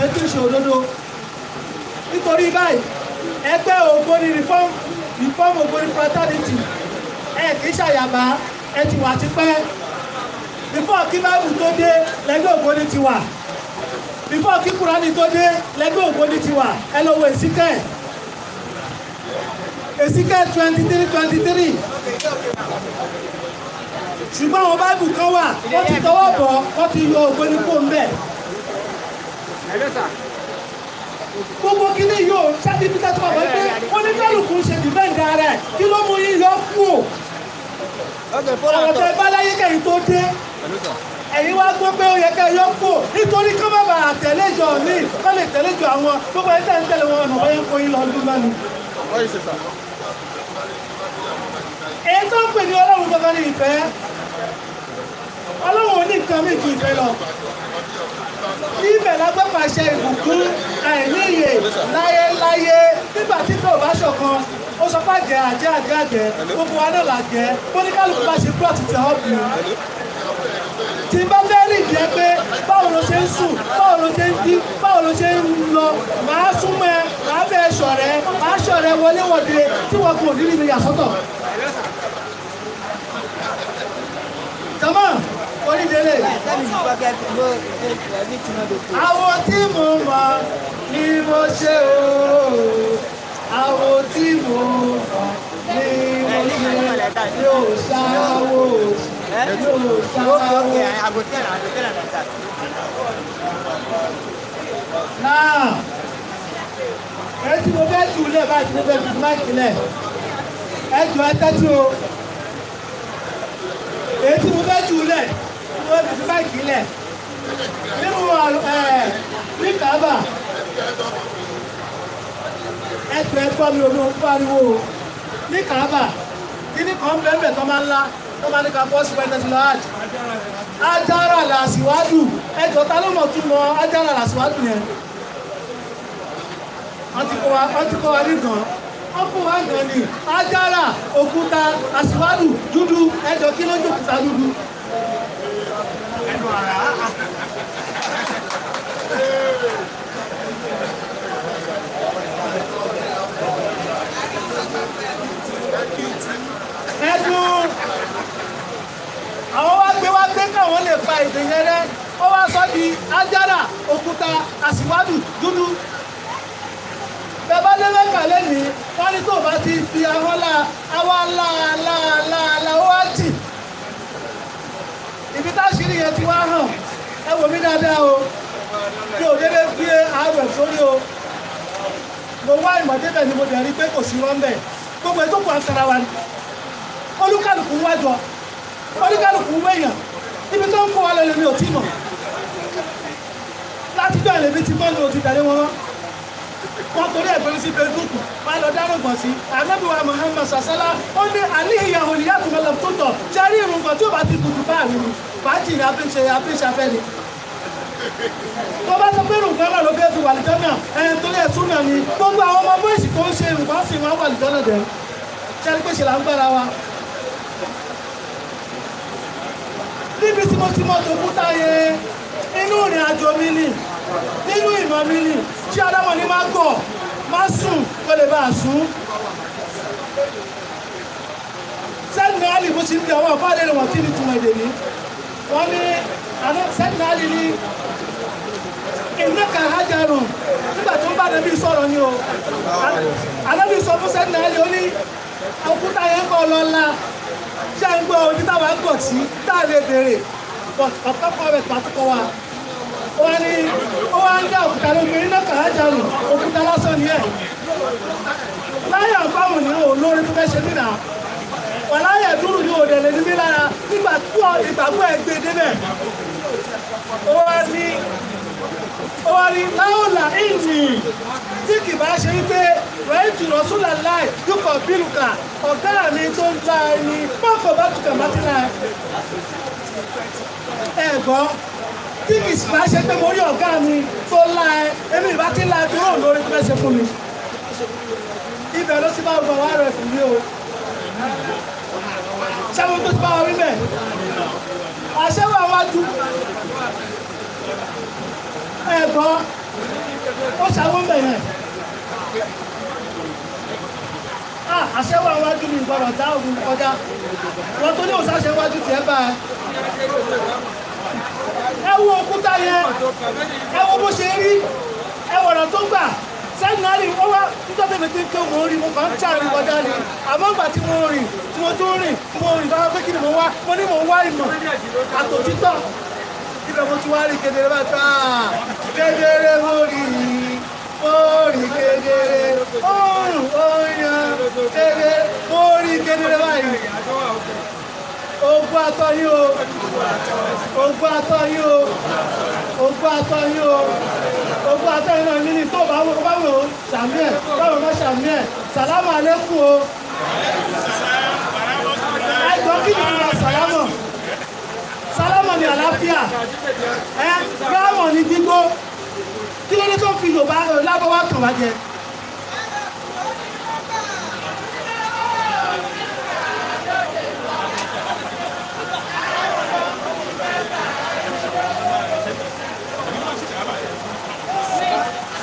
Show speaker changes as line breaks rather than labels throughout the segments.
mẹtírísì òdodo nítorí báyìí ẹgbẹ́ ògbóni reform reform ògbóni fraternity ẹ kì í ṣàyàbá ẹ ti wà tipẹ́ before kí báyìí tó dé lẹ́gbẹ́ ògbóni ti wà before kí kúránì tó dé lẹ́gbẹ́ ògbóni ti wà ẹ lọ wo èsìkẹ́ èsìkẹ́ twenty three twenty three ṣùgbọ́n àwọn báìbù kan wà wọ́n ti tọwọ́ bọ̀ wọ́n ti yọ ògbóni kó ń bẹ̀
gbogbo
kíní yóò sátífítà tó wà pé wọ́n ní kálukú ṣe dìbẹ́ǹdà rẹ̀ kí ló mú yín yọ kú o. ọ̀rọ̀ tẹ bá láyé kẹ́yìn tó dé ẹ̀yin wá gbọ́ pé ó yẹ ká yọ kú o nítorí kí wọ́n bá àtẹ̀lé jọ mí kọ́ lè tẹ̀lé jọ àwọn gbogbo ẹ̀ tẹ̀ ń tẹ̀lé wọn ọ̀nà wọ́n yẹ kó yín lọ dún lọ́nu èyí tó ń pè ní ọlọ́run gangan ní ìfẹ́ ọlọ́run ò ní nǹkan méjì ìfẹ́ lọ níbẹ̀ lágbó pàṣẹ ìbùkún àìníye láyéláyé nígbà tí tó bá ṣọ̀kan ó sọ pé àgẹ̀ àjẹ́ àgẹ́ àgẹ́ gbogbo wa náà làgẹ́ oníkálukú bá ṣe plọ̀tì tẹ̀ ọ́ bù tí bá fẹ́ rí ìdí ẹ pé báwo ló ṣe ń sùn báwo ló ṣe ń dí báwo ló ṣe ń lọ màá súnmọ́ ẹ màá fẹ́ ṣọ̀rẹ́ màá ṣọ̀rẹ́ wọléwọ̀de tí wọn kò ní níbi yàsọ́tọ̀. Come on onídélé. àwọn tí mo mọ̀ ni mo ṣe o àwọn tí mo mọ̀ ni mo ṣe yóò ṣáwó yóò ṣáwó. náà èyí tí mo fẹ́ jù lẹ̀ báyìí tí mo fẹ́ jù máìkì lẹ̀ ẹ jọ ẹ tẹ́tí o èyí tí mo fẹ́ jù lẹ̀ tó ti fi báyìí kílẹ̀ nínú ní kábà ẹ̀tọ́ ẹ̀tọ́ mi ò ní òun pariwo ní kábà kíní kan bẹ́ẹ̀ bẹ́ẹ̀ tó máa ń la tó máa ní ká fọ́ sí pẹ́ẹ́tẹ́sì lọ́wọ́dì ajára làṣìwádù ẹjọ́ ta ló mọ̀ tún mọ ajára làṣìwádù yẹn wọ́n ti kọ́ wa nìkan wọ́n kọ́ wa nìkan ni ajára òkúta àṣìwádù dúdú ẹjọ́ kí ló ń dúdú ẹnu ara. ẹnu àwọn wá gbé wá gbé káwọn lè fa èdè yẹn ó wá sọ di ájára òkúta àsìwádùú. dáadáa o mi ò dédé gbé àárọ̀ sórí o mo wá ìmọ̀ débẹ̀ ni mo dẹ̀ rí pé kò sí rọ́ńbẹ̀ gbogbo ètò kù àkàrà wa ni olúkàlùkù ń wájọ olúkàlùkù ń wéyàn ibi tó ń kó wa lọ́lẹ̀ mi ò tí mọ̀ láti gbà lèmi ti bọ́ọ̀lù òtí tẹ̀lé wọn wọn torí ẹ̀gbọ́n sí facebook máa lọ dárògbọ̀n sí anábìwá muhammad sasala ó ní àníyàn òníyàtúmọ̀lọ́ tó tọ̀ jẹ́rí ìrùngbọ̀n tí ó bá ti tutù báà nínú fàájì ni a fi ń tó bá sọ pé rùgbọ́n náà ló fẹ́ fi wàlìjọ́ náà ẹ̀ẹ́n tó lẹ̀ tún náà ni gbogbo àwọn ọmọ bóyìsì tó ń ṣe rùgbọ́n sì wọ́n wàlìjọ́ náà dẹ̀ ṣẹ́ni pé ṣe là ń gbára wa. níbi tí mo ti mọ tó kúta yẹ inú ìrìn àjò mi nì nínú ìmọ̀ mi nì ṣé adámọ̀ ni máa gọ̀ máa sùn kó lè bá a sùn sẹ́ni alì bó ti ń bí àwọn àfáàdé rẹ̀ wọ́n kí ni túmọ̀ èdè ní wọ́n ní sẹ́ni alì ní ìnáka hajaru nígbà tó ń bá nàbí sọ̀rọ̀ ni o sọ fún sẹ́ni náà yóò ní òkúta yẹn kọ́ lọ la ṣé ń gbọ́ ojú táwa ń sí tá a lè béèrè ọ̀pọ̀pọ̀ rẹ̀ pàtó wa wọ́n ní ó wá ń dá òkúta lómi òkúta lásán ni ẹ̀ láyé ni o lórí dúró òde orin láòlà ìní tí kì bá ṣe wípé rẹ́ẹ̀tì rọ́súlà láì dúkọ̀ bílùkà ọ̀gá mi tó ń ta ẹni pọ́kọ̀ bá tukà mátìlá ẹ̀gbọ́n tí kì bá ṣe pé mo rí ọ̀gá mi tó la ẹ èmi ìbá ti la ẹ tó rò lórí tó fẹ́ ṣe fún mi ibẹ̀ ló ti bá gbọ̀ wá rẹ̀ fún mi o ṣé tó ti bá wọn rí bẹ́ẹ̀ àṣẹ wà wájú ẹ̀kọ́ ó ṣàwọn bẹ̀rẹ̀ àṣẹwà wájú ni ìgbọràn tá òun kọjá wọn tó ní òṣàṣẹ wájú tiẹ̀ bá ẹ ẹ wo òkúta yẹn ẹ wo bó ṣe rí ẹ wọ̀nà tó gbà sẹ́yìn náà rí ó wá nígbà tó ti ń ké wọ́n rí mo kàn ń tààrí kọjá ni àmọ́ ìgbà tí mo rìn tí mo tún rìn mo rìn báwa pé kí ni mo wá mo ní mo wá ìmọ̀ àtòtítọ́ ibẹ̀ mo ti wá rí kedere bá ta kedere lórí orí kedere oh, oyan kedere orí kedere báyìí ogun atọ yín o ogun atọ yín o ogun atọ yín o ogun atọ yín náà níní tó báwo báwo sàmì ẹ báwo má sàmì ẹ sàlámù àlékún o àìgbọ́n kí ni kúrò sàlámù sàlámù ni àlàáfíà ẹ gbáàmù ni gbígbó kí ló dé tó ń fi yorùbá lábọ́wá kàn wá jẹ.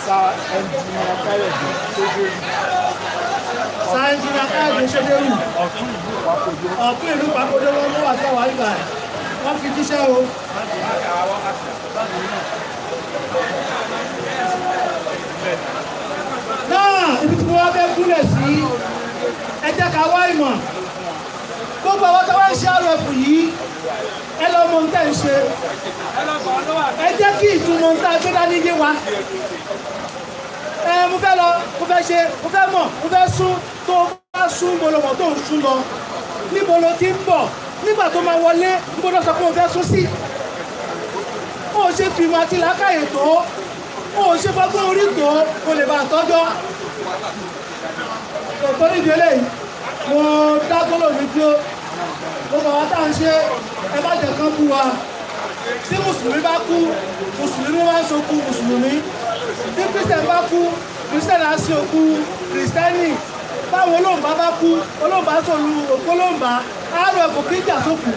sa ẹnjìnìyà káyọ̀dé sójú sa ẹnjìnìyà káyọ̀dé sójú ọ̀tún
ìlú pàkójó ọ̀tún ìlú pàkójó wọn mú àtà wà ìgbà wọn fi jíṣẹ́ o náà ibi tí mo wá fẹ́ gúnlẹ̀ sí ẹ jẹ́ ká wá ìmọ̀ gbogbo àwọn tó wá ń ṣe àrò ẹ̀fù yìí ẹ lọ mọ ohun tẹ́ ń ṣe
ẹ jẹ́ kí ìtumọ̀ ohun tá a gbé dání yé wa
ẹ mo fẹ́ lọ mo fẹ́ ṣe mo fẹ́ mọ̀ mo fẹ́ sún tó bá sún mo lọ mọ̀ tó ń sún lọ níbo lo ti ń bọ̀ nígbà tó máa wọlé ó ṣe fọ́gbọ́n orí tó o lè bá tọ́jọ́ tòótọ́ nídìí eléyìí mo dágbọ́lò mi dúró mo bàbá tá à ń ṣe ẹ má jẹ́ kán kú wa tí mùsùlùmí bá kú mùsùlùmí wá ń sokú mùsùlùmí tí kristian bá kú kristian á sí òkú kristẹni báwo olóńgbà bá kú olóńgbà sọlù òkú olóńgbà á rọ ẹ̀kọ́ kíjà sókù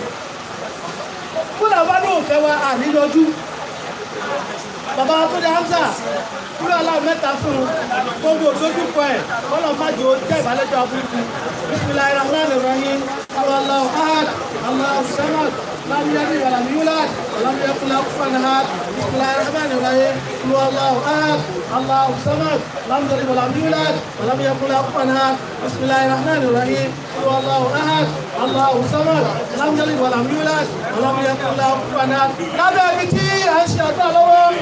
kúlà wá lóòfẹ́ wa àníyànjú bàbá wa tó di hamza kúrò aláwọ̀ mẹ́ta fún un gbogbo òdójúkọ ẹ̀ kọ́lọ̀ májò jẹ́ ìbálẹ́jọ́ abúlé fún un bisimilayi rahman rahim alahu ahad alahu samad. لم يلد ولم يولد ولم يكن له كفوا احد بسم الله الرحمن الرحيم قل هو الله احد الله الصمد لم يلد ولم يولد ولم يكن له كفوا احد بسم الله الرحمن الرحيم قل هو الله احد الله الصمد لم يلد ولم يولد ولم يكن له كفوا احد lábẹ́ ibi tí a ń ṣe ọ̀tọ̀ lọ́wọ́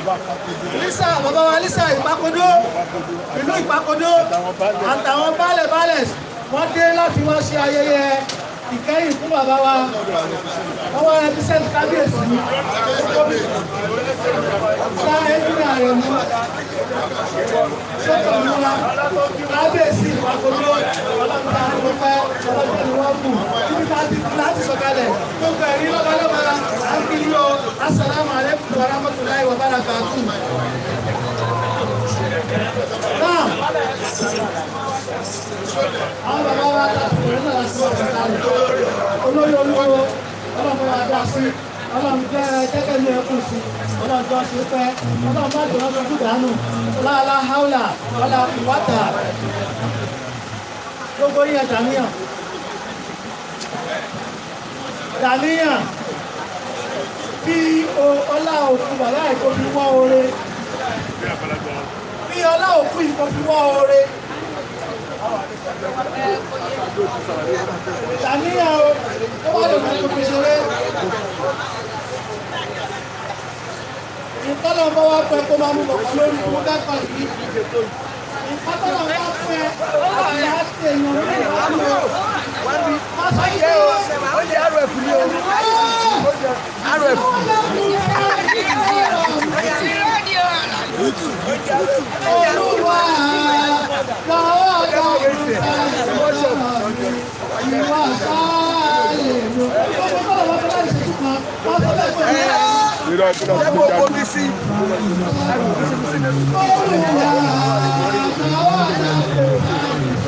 lisa bàbá wa lisa ìpàkódó ìlú ìpàkódó àtàwọn baálẹ̀ baálẹ̀ wọ́n dé láti wá ṣe ayẹyẹ ìkẹyìn fún bàbá wa ọwọ́ ẹbíṣẹ́ kábíyèsí ṣá ẹ́dínà rẹ̀ mú ṣọ́tọ̀ múra kábíyèsí ìpàkójọ́ ọlọ́pàá àgbẹ̀fẹ́ ọlọ́pàá ni wọ́n kù níbi láti láti sọ̀kalẹ̀ tó gbẹ̀ rí lọ́gbàdọ́gbà
náà àwọn bàbá wa dàpọ̀
ní ọ̀la sí ọ̀la oore ní ọlá òkú ìfọ̀ fi wọ́ oore.
Tàníyàn o, ó wà lóko tó fi ṣeré.
Ìtọ́lọ̀ ń bọ́ wá pẹ́ kó máa mú bọ̀kọ́ lórí ìlú kẹ́kọ̀ọ́ yìí. Ìtọ́lọ̀ ń bá pẹ́ láti á sí èèyàn ní ìlú
àlọ́. Má sọ yìí o, ó jẹ́ àrò ẹ̀fù ni o. Àrò ẹ̀fù
tútù. Olúwa lọ́wọ́ lọ́wọ́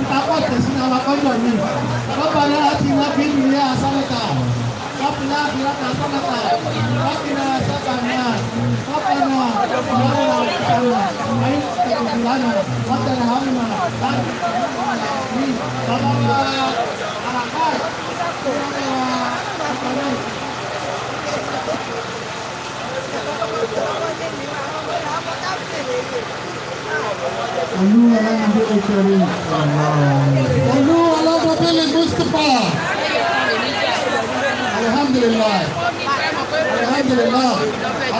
Tutapata sina magonjwa mengi. Baba leo tuna bili ya sadaka. Baba leo tuna sadaka. Baba na sadaka. Baba na Hai tekulana. Baba na hamna. Baba na anakai.
Thank you. Olu Alamide Karim. Olu Alamide Mustapha. Alhamdulillah. Alhamdulillah.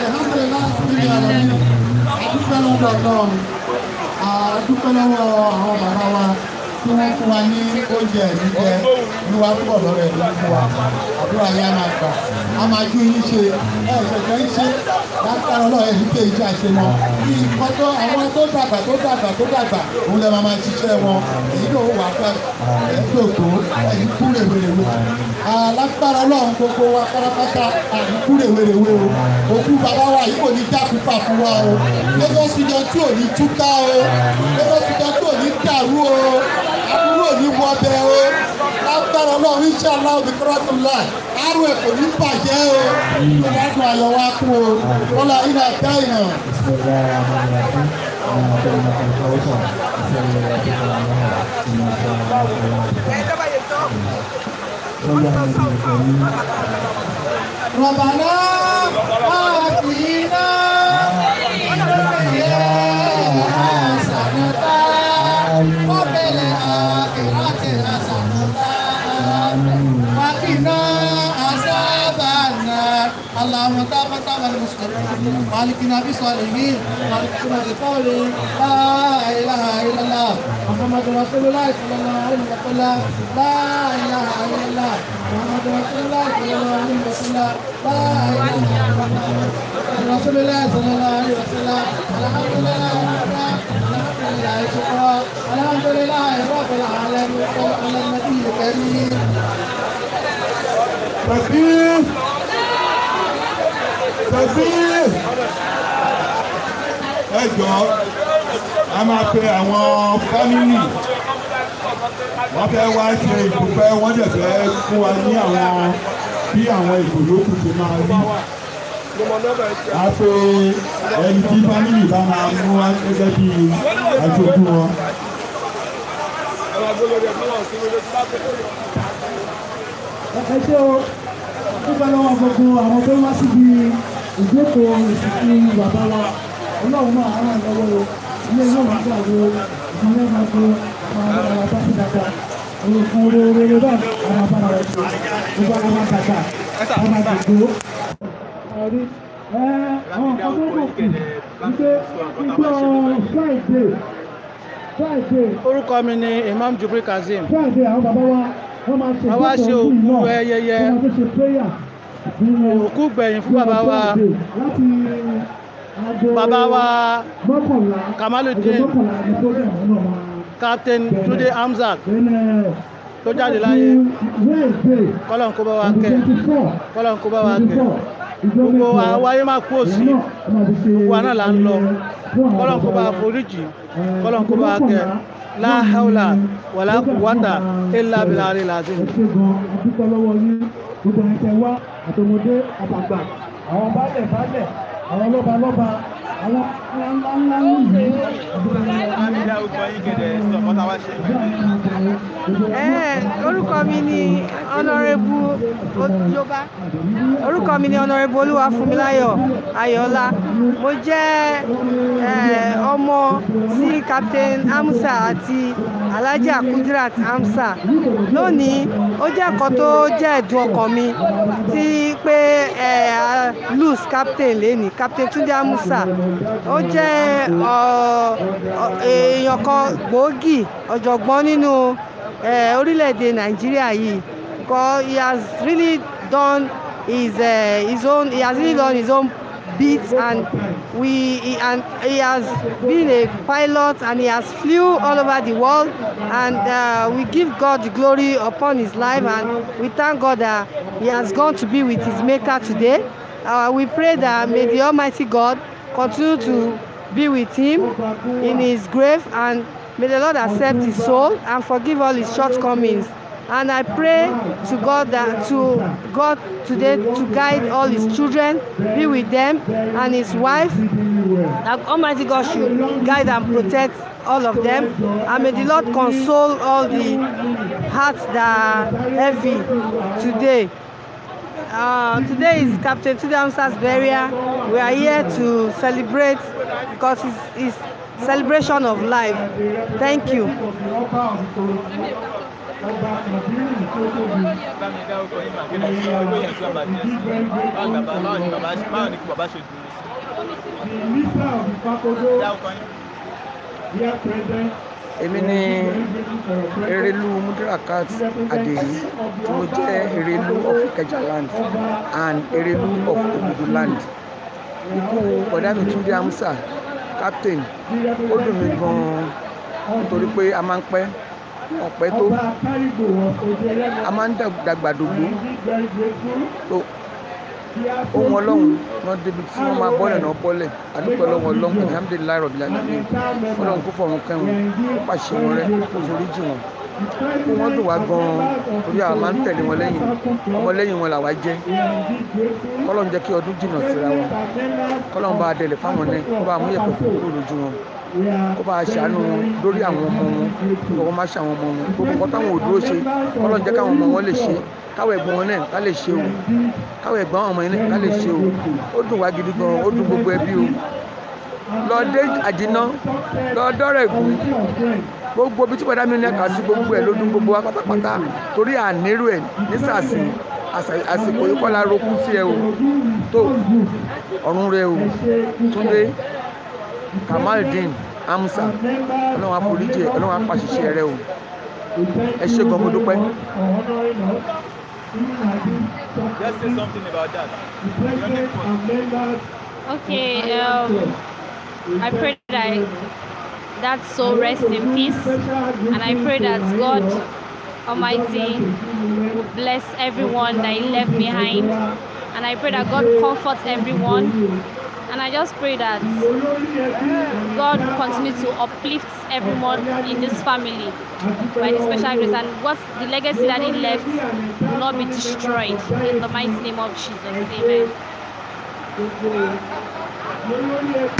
Alhamdulillah.
Adúpẹ́ lọ́dọ̀ náà. Adúpẹ́ lọ́wọ́ àwọn bàbá wa tí wọ́n fún
wa ní oúnjẹ jíjẹ ní wa púpọ̀ lọ́rẹ̀ ló ń fún wa. Àdúrà yá sih lágbára náà ẹ̀ nígbè ìjà ṣe mọ́
ní ìkọjọ́ àwọn tó dàgbà tó dàgbà tó dàgbà òun lè máa ṣiṣẹ́ wọn èyí ló wà pẹ́ ẹ̀ẹ́dòdò ẹ̀yìn kúrè wèrèwé alágbára náà gbogbo wa pátápátá àyìn kúrè wèrèwé o òkú bàbá wa yìí kò ní dákúpà fún wa o Lagos region tí ò ní túká o Lagos region tí ò ní dàrú o àbúrò ní wọbẹ o lágbára náà inshallah òbí kọ́ra tó láì àrùn ẹ̀ kò ní
bàjẹ́ o ìgbàdùn ayọ̀ wa kú o kọ́lá iná dá ìyàn.
ربنا آتنا في حسنة وفي الآخرة
حسنة وقنا اللهم تابت على المسلمين مالكنا الله مالكنا وسلم لا اله الا الله محمد رسول الله صلى الله عليه وسلم لا اله الا الله محمد رسول الله صلى الله عليه وسلم لا اله الا الله رسول الله صلى الله عليه وسلم الحمد لله
الحمد لله
شكرا الحمد لله رب العالمين على النبي الكريم Thank you.
Sọ̀bíyè ẹ jọ a máa pe àwọn fámìlì wọ́n fẹ́ wá ṣe ìbùfẹ́ wọ́n dẹ̀ fẹ́ fún wa ní àwọn bí àwọn ìbò yòókù ṣe máa rí a pe ẹni tí fámìlì bá máa mú wá gẹ́gẹ́ bí aṣojú wọn.
ẹ ṣé o dúpẹ́ lọ́wọ́ gbogbo àwọn tó wá síbi ìjókòó ìsìnkú bàbá wa ọlọ́run náà ara ìlọ́wọ́ o ilé náà ń gbàgbé ìpínlẹ̀ náà gbé àwọn ọmọ bá ti dàgbà olùkọ́ rere bá àwọn bá rẹ̀ ṣe gbogbo àwọn bá dàgbà àwọn àgbègbè ọ̀rí àwọn kan tó kọ̀ kù wípé ìjọ Friday Friday. orúkọ mi ni Imam Jubril Kazeem. Friday àwọn bàbá wa wọ́n máa ṣe ìjókòó ìlú náà wọ́n máa ṣe prayer òkú gbẹ̀yìn fún bàbá wa bàbá wa Kamaludin Captain Tunde Hamzat tó jáde láyé kọ́lọ́n kó bá wa kẹ́ kọ́lọ́n kó bá wa kẹ́ gbogbo àwáyé máa kú òsì gbogbo àná là ń lọ kọ́lọ́n kó bá foríjì kọ́lọ́n kó bá kẹ́ la hawla wala quwwata illa billahi alazim àtọmọdé àtàgbà àwọn baálẹ̀ baálẹ̀ àwọn lọ́ba lọ́ba àwọn ńlá
ńlá ń lù ú. Amídá ogun yín gẹ̀dẹ̀ sọ fún táwa ṣe pẹ̀lú. Orúkọ mi ni Ọlọ́rẹ́bù Yorùbá. Orúkọ mi ni Ọlọ́rẹ́bù Olúwafúnmiláyọ̀ Ayọ̀ọ́lá. Mo jẹ́ eh, ọmọ sí Captain Amusa àti Alhaji Kudirat Amsa. Lónìí, ó jẹ́ ẹ̀kọ́ tó jẹ́ ẹ̀dùn ọkàn mi ti pé eh, lose captain lẹ́ni Captain Túndé Amusa ó jẹ́ èèyàn kan gbòógì ọ̀jọ̀gbọ́n nínú orílẹ̀-èdè nàìjíríà yìí because he has really done his, uh, his own he has really done his own beat and we he, and he has been a pilot and he has flew all over the world and uh, we give God the glory upon his life and we thank God that he has gone to be with his maker today. Uh, we pray that may the Almighty God continue to be with him in his grave and may the Lord accept his soul and forgive all his shortcomings. And I pray to God that to God today to guide all his children, be with them and his wife. That Almighty God should guide and protect all of them. And may the Lord console all the hearts that are heavy today. Uh, today is Captain Tudamsa's burial. We are here to celebrate because it's, it's celebration of life. Thank you.
Dear President, èmi ni erelu mudrakat adeyi tí mo jẹ́ erelu of ikeja land and erelu of ogudu land ikú bọ̀dá mi túndé amusa captain ó dùn mí gan-an nítorí pé a máa ń pẹ́ ọ̀pẹ́ tó a máa ń dàgbàdògbò ohun ọlọ́run náà débi tí wọ́n máa bọ́lẹ̀ náà bọ́lẹ̀ àdúpẹ́ lọ́wọ́ ọlọ́run alhamdulilayi rọ̀bìlà nílé ọlọ́run kó fọ̀run kẹ́hìn kó pàṣẹ wọn rẹ kó forí jì wọn kó wọ́n dùn wá gan-an orí àwọn máa ń tẹ̀lé wọn lẹ́yìn ọmọ lẹ́yìn wọn làwa jẹ́ kọ́lọ́n jẹ́ kí ọdún jìnnà síra wọn kọ́lọ́n bá dẹ̀lẹ̀ fáwọn náà kó bá mú yẹ̀pẹ̀ kúrò lójú wọn kó bá ṣàánú wọn lórí àwọn ọmọ wọn kó wọn má ṣàwọn ọmọ wọn gbogbo kọ́ táwọn ò ṣe kọ́lọ́n jẹ́ káwọn ọmọ wọn lè ṣe káwọn ẹ̀gbọ́n wọn náà ká lè ṣe o káwọn ẹ̀gbọ́n àwọn ọmọ yẹn náà ká lè ṣe o ó dùn wá gidi gan ó dùn gbogbo ẹbí o
lọ dé àdínà lọ dọ́rọ̀ ègún
gbogbo bí tí bọ́dá mi náà kà sí gbogbo ẹ̀ ló dùn gbogbo wa pátápátá torí àníró ẹ̀ nísàsì àsìkò yìí kọ́lá rokú sí ẹ o tó ọ̀run rẹ o túnde kamaldeen amusa ọlọ́run àforíjì ọlọ́run apàṣìṣe rẹ o ẹ ṣé gan mo dúpẹ́.
Just say something about that.
Okay, um, I pray that that soul rests in peace, and I pray that God
Almighty
will bless everyone that He left behind, and I pray that God comforts everyone and I just pray that God continue to uplift everyone in this family by His special grace and what the legacy that He left will not be destroyed in the mighty name of Jesus. Amen.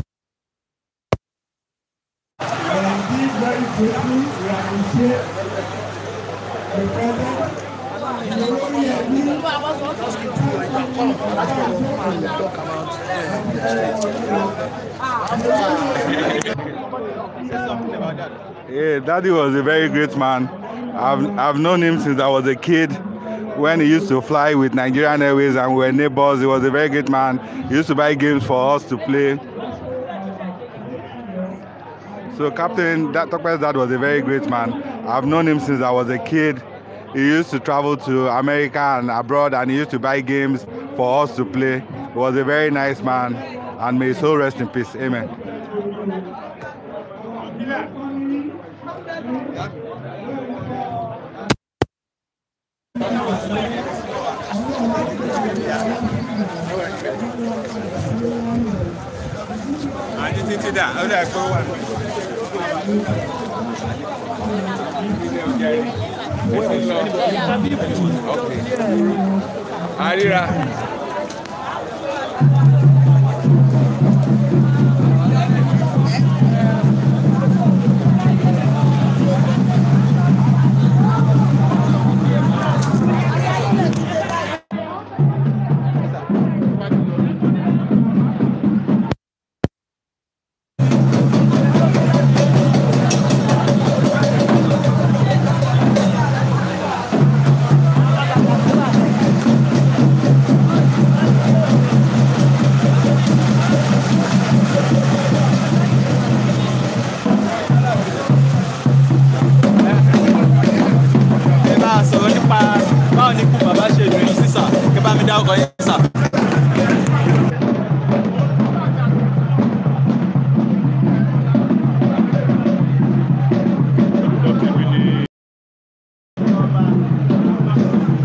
talk about
yeah, Daddy was a very great man. I've, I've known him since I was a kid when he used to fly with Nigerian Airways and we were neighbors. He was a very great man. He used to buy games for us to play. So Captain Tokpe's dad was a very great man. I've known him since I was a kid. He used to travel to America and abroad and he used to buy games for us to play. He was a very nice man, and may his soul rest in peace. Amen. Okay. Arira. Thank you.
ọkọ̀ yẹn sà.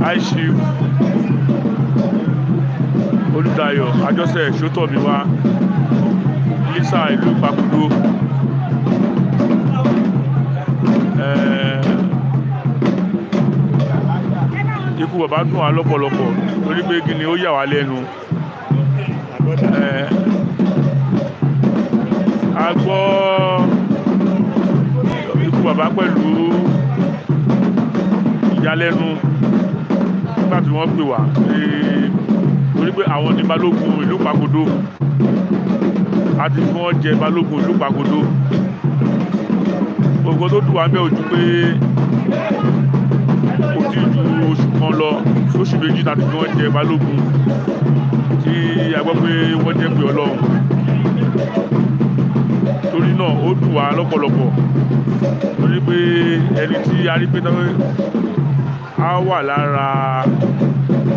aishif olùdáyọ̀ àjọṣe ṣótọ̀mí wa lisa ìlú ìpapò. bàbá dùn wá lọ́pọ̀lọpọ̀ torí pé kí ni ó yà wá lẹ́nu. Eh, a gbọ́ ikú bàbá pẹ̀lú ìyàlẹ́nu nígbà tí wọ́n pè wá torí pé àwọn ní balógun ìlú Pàkòdó a ti fún wọn jẹ balógun ìlú Pàkòdó ògbó tó dùn wá bẹ́ẹ̀ ojú pé kò tí ju oṣù kan lọ oṣù méjì tàbí kí wọ́n jẹ balógun tí a gbọ́ pé wọ́n jẹ́ pé ọlọ́run torí náà ó dùn wá lọ́pọ̀lọpọ̀ torí pé ẹni tí a rí pé á wà lára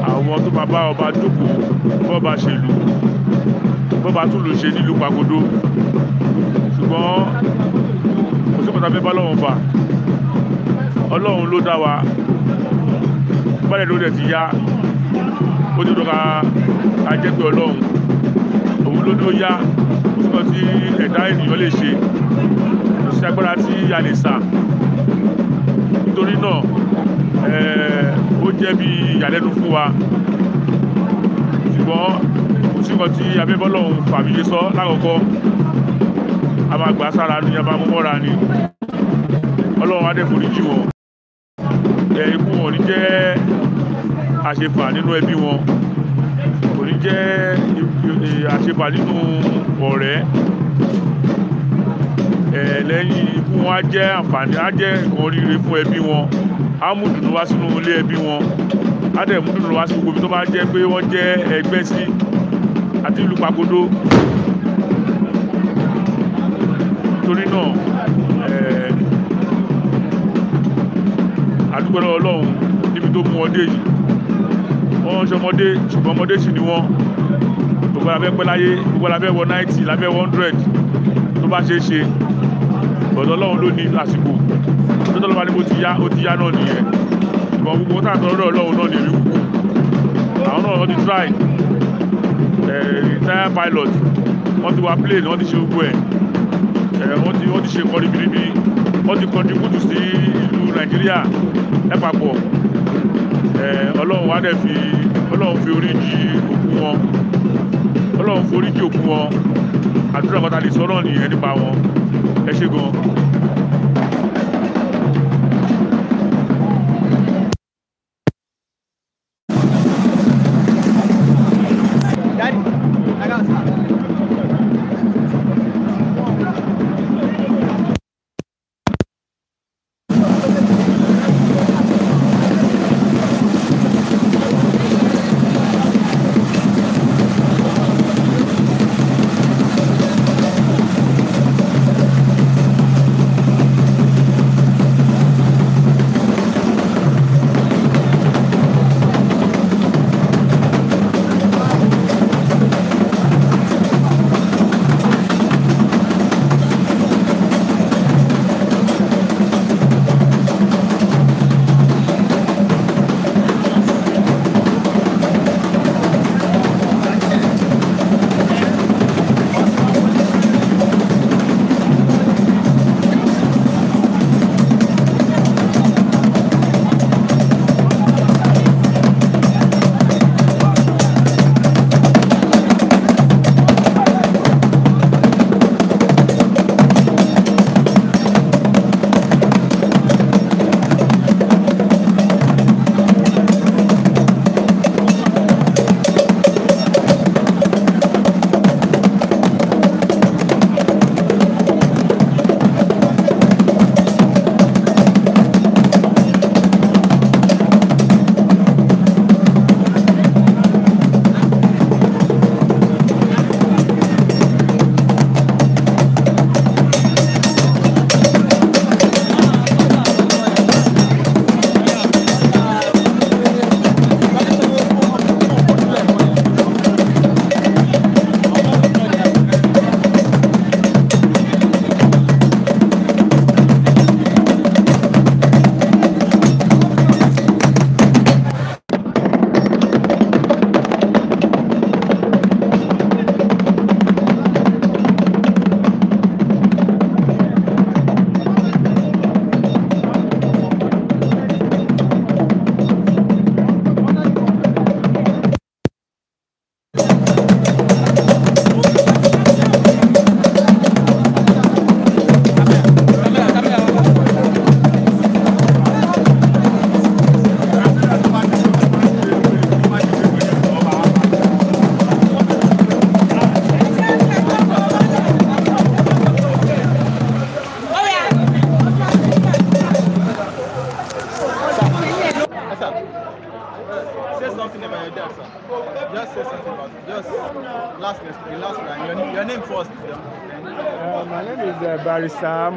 àwọn tó máa bá ọba jókòó bọ́ba ṣèlú bọ́ba tún lò ṣe nílùú Pàkòdó ṣùgbọ́n kò sí pàtàkì bá lọ́wọ́ fà ọlọ́run ló dá wa bálẹ̀ ló dẹ̀ ti yá ó dúró ká ká jẹ́ pé ọlọ́run òun ló dúró yá nǹkan tí ẹ̀dá ènìyàn lè ṣe kò sí agbára tí a lè sà nítorí náà eh, ó jẹ́ bí ìyàlẹ́nu fún wa ṣùgbọ́n kò sí nǹkan tí abẹ́bọ́lọ́hún fàmílẹ́ sọ lákọ̀ọ́kọ́ a máa gbà sára ni a máa mú mọ́ra ni ọlọ́run adẹ́kùnrin jì wọ́n ikú wọn ní jẹ́ àṣefà nínú ẹbí wọn kò ní jẹ́ àṣefà nínú ọ̀rẹ́ lẹ́yìn ikú wọn á jẹ́ àǹfààní á jẹ́ nǹkan oríire fún ẹbí wọn á mú dùnú wá sínú ilé ẹbí wọn á dẹ̀ mú dùnú wá sí gbogbo tó bá jẹ́ pé wọ́n jẹ́ ẹgbẹ́ sí àti ìlú Pàkòdó torí náà. dúpẹ́ lọ́wọ́ Ọlọ́run níbi tó mú wọn dé yìí wọ́n ń ṣọmọdé ṣùgbọ́n ọmọdé sì ni wọ́n gbogbo la fẹ́ pẹ́ láyé gbogbo la fẹ́ wọ náìtì la fẹ́ wọ hundred tó bá ṣeé ṣe ọ̀dọ̀ Ọlọ́run ló ní àsìkò tó tọ́lọ́ bá ní mo ti yá ó ti yá náà nìyẹn ṣùgbọ́n gbogbo tá à ń tọrọ Ọlọ́run náà lè rí kú àwọn náà wọ́n ti try retire pilot wọ́n ti wá plane wọ́n ti ṣe gbogbo ẹ̀ wọ́n ti ṣe kọ́ni biribiri wọ́n ti kọ́ntribútù sí ìlú nàìjíríà lápapọ̀ ọlọ́run wá dẹ̀ fi ọlọ́run fi orí jì òkú wọn ọlọ́run forí jì òkú wọn àdúrà kọ́ta lè sọ náà nìyẹn nípa wọn ẹ ṣé gan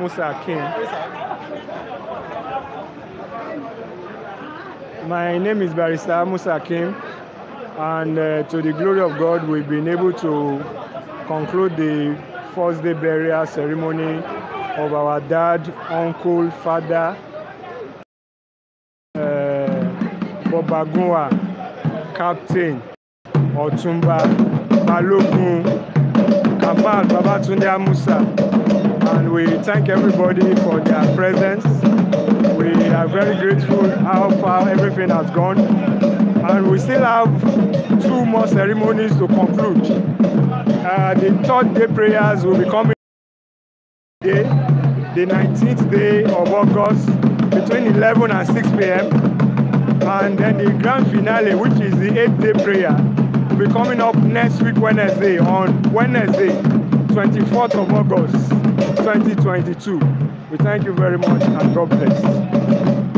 Musa Akin. My name is Barrister Musa Akin, and uh, to the glory of God, we've been able to conclude the first day burial ceremony of our dad, uncle, father, uh, Bobagunwa, Captain Otumba Balogun, Kamal Babatunde Musa and we thank everybody for their presence. We are very grateful how far everything has gone and we still have two more ceremonies to conclude. Uh, the third day prayers will be coming today, the 19th day of August between 11 and 6 p.m. And then the grand finale, which is the eighth day prayer, will be coming up next week Wednesday on Wednesday, 24th of August. 2022. We thank you very much and God bless.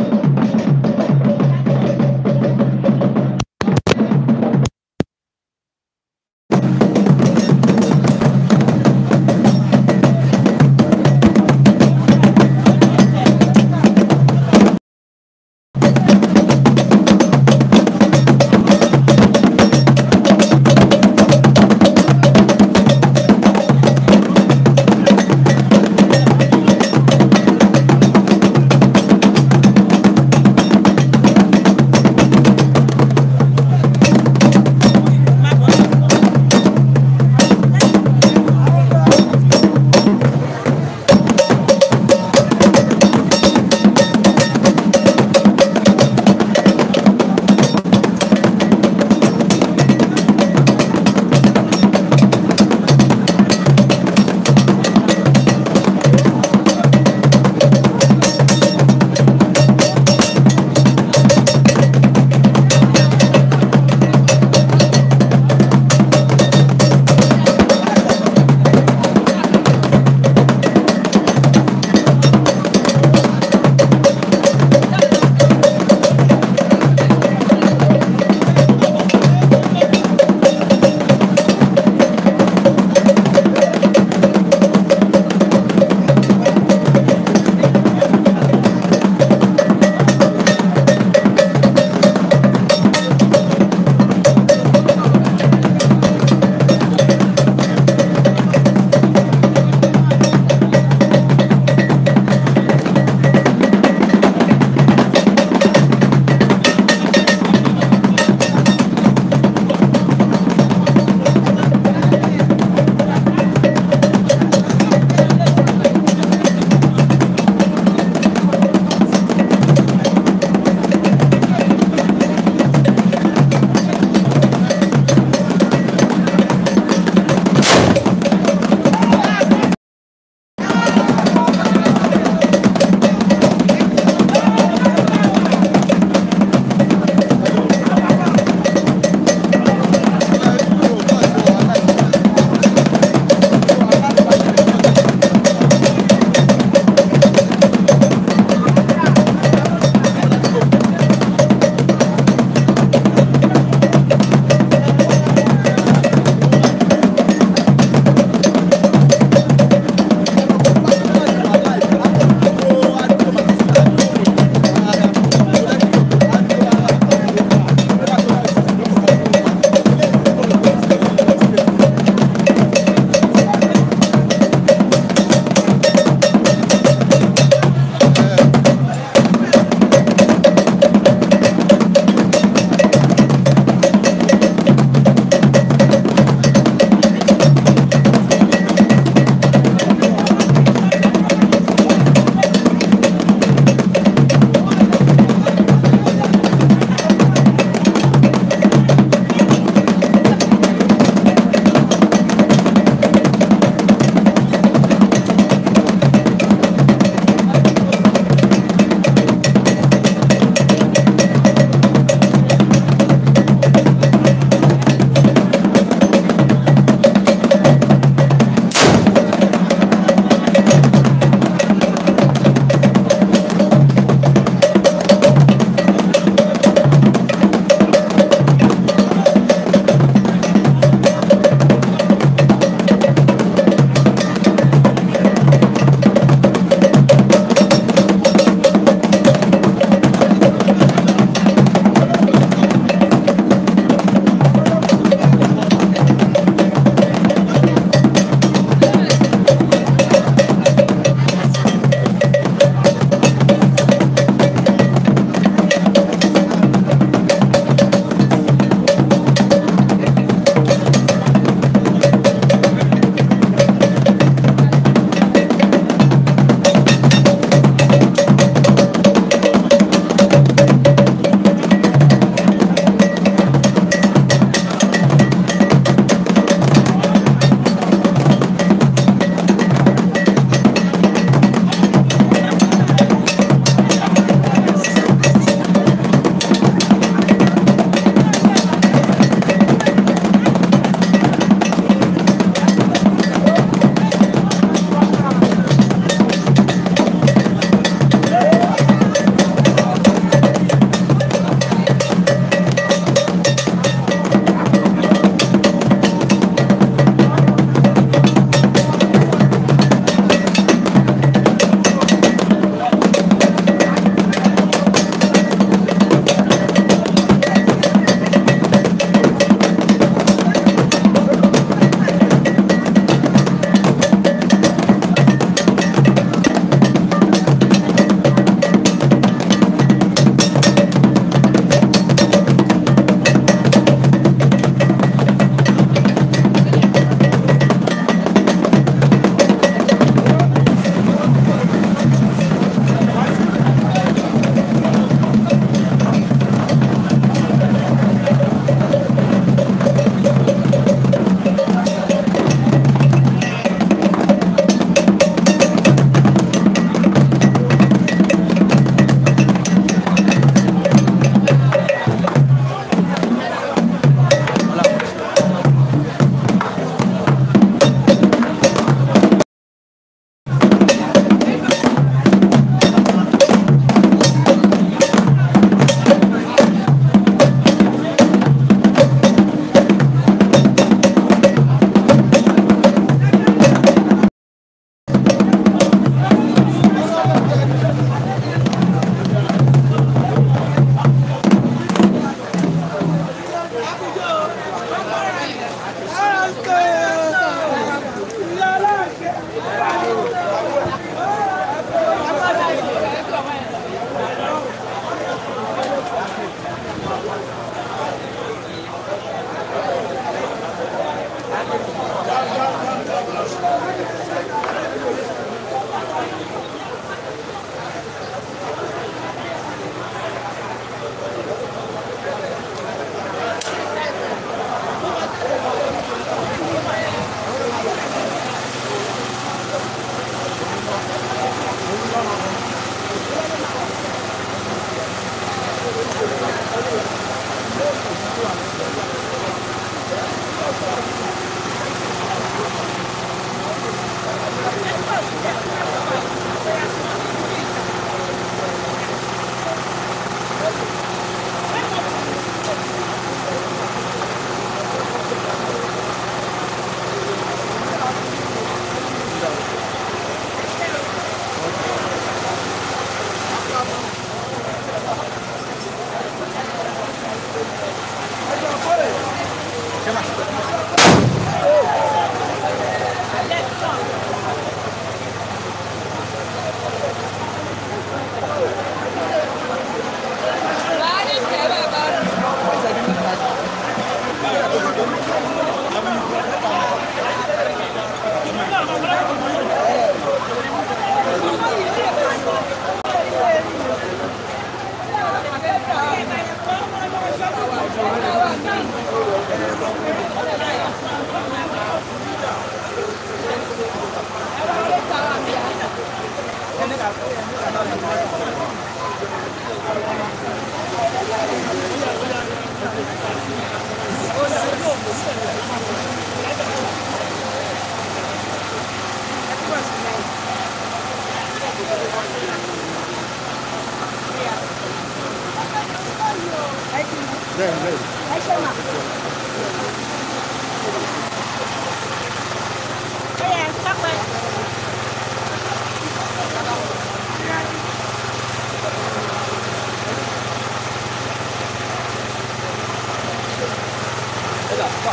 哎，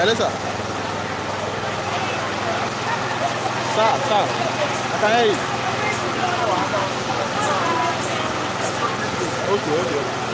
那个啥？啥啥？哎！好久好久。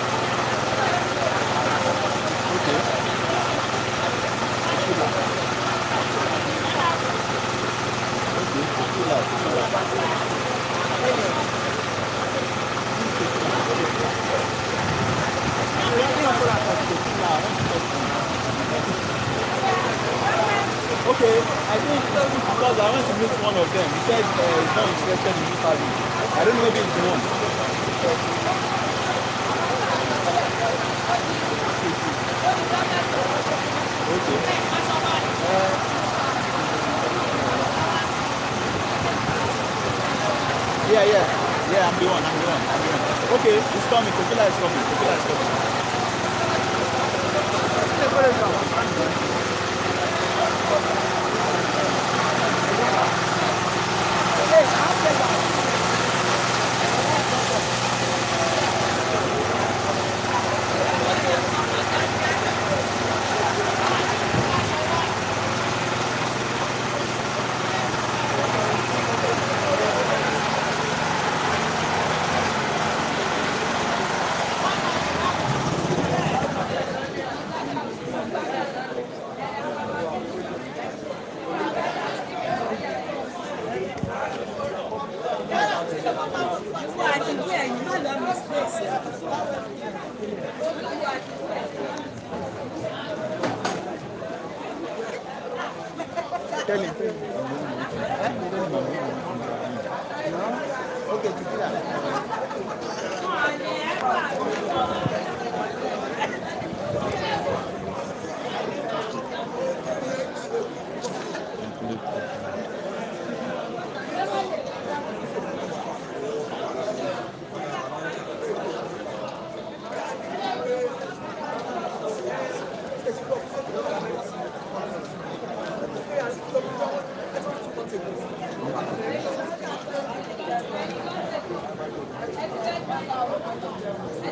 okay, I think
because I want to meet one of them. He said uh, he's not interested in Italy. I don't know if he's the one. Okay.
Uh, yeah, yeah, yeah, I'm the
one, I'm the one, I'm the one. Okay, it's coming, Kokila is coming, Kokila is coming.